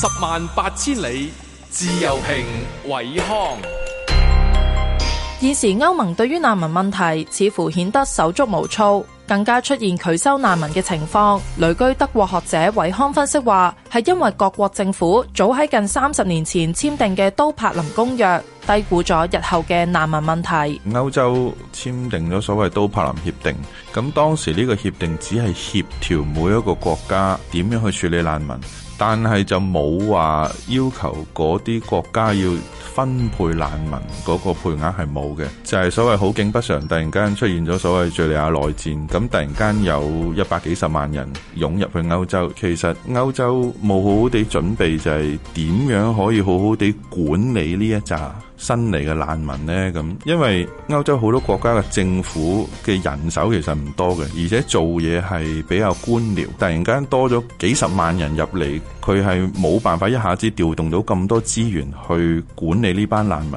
十萬八千里，自由評瑋康。現時歐盟對於難民問題似乎顯得手足無措，更加出現拒收難民嘅情況。旅居德國學者瑋康分析話。係因為各國政府早喺近三十年前簽訂嘅《都柏林公約》低估咗日後嘅難民問題。歐洲簽訂咗所謂《都柏林協定》，咁當時呢個協定只係協調每一個國家點樣去處理難民，但係就冇話要求嗰啲國家要分配難民嗰個配額係冇嘅。就係所謂好景不常，突然間出現咗所謂敘利亞內戰，咁突然間有一百幾十萬人湧入去歐洲。其實歐洲。冇好好地準備就係點樣可以好好地管理呢一紮新嚟嘅難民呢？咁因為歐洲好多國家嘅政府嘅人手其實唔多嘅，而且做嘢係比較官僚。突然間多咗幾十萬人入嚟，佢係冇辦法一下子調動到咁多資源去管理呢班難民。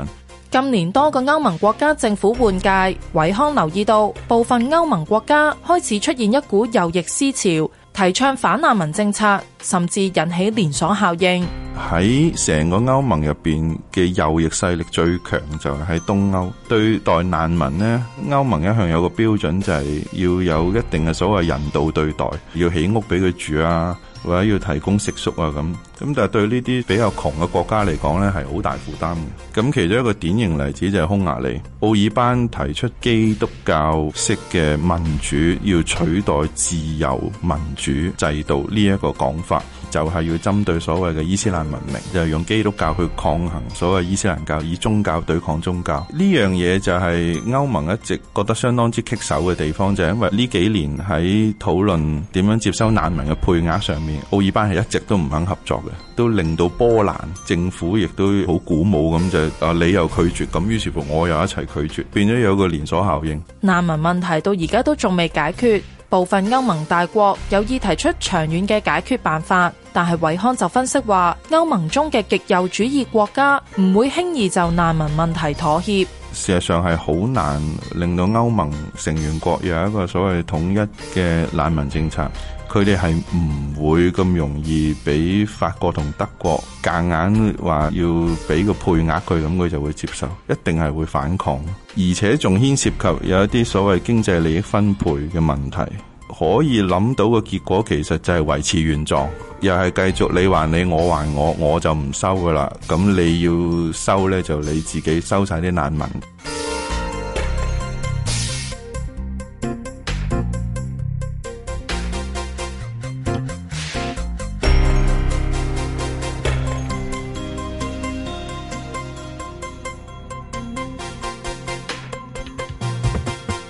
近年多個歐盟國家政府換屆，瑋康留意到部分歐盟國家開始出現一股右翼思潮。提倡反難民政策，甚至引起連鎖效應。喺成個歐盟入邊嘅右翼勢力最強就係喺東歐，對待難民呢，歐盟一向有個標準，就係要有一定嘅所謂人道對待，要起屋俾佢住啊，或者要提供食宿啊咁。咁但係對呢啲比較窮嘅國家嚟講咧，係好大負擔嘅。咁其中一個典型例子就係匈牙利，奧爾班提出基督教式嘅民主要取代自由民主制度呢一個講法，就係要針對所謂嘅伊斯蘭文明，就係用基督教去抗衡所謂伊斯蘭教，以宗教對抗宗教。呢樣嘢就係歐盟一直覺得相當之棘手嘅地方，就係因為呢幾年喺討論點樣接收難民嘅配額上面，奧爾班係一直都唔肯合作嘅。都令到波蘭政府亦都好鼓舞咁，就啊你又拒絕，咁於是乎我又一齊拒絕，變咗有個連鎖效應。難民問題到而家都仲未解決，部分歐盟大國有意提出長遠嘅解決辦法，但係瑋康就分析話，歐盟中嘅極右主義國家唔會輕易就難民問題妥協。事實上係好難令到歐盟成員國有一個所謂統一嘅難民政策，佢哋係唔會咁容易俾法國同德國夾硬話要俾個配額佢，咁佢就會接受，一定係會反抗，而且仲牽涉及有一啲所謂經濟利益分配嘅問題。可以諗到嘅結果其實就係維持原狀，又係繼續你還你，我還我，我就唔收㗎喇。咁你要收呢，就你自己收曬啲難民。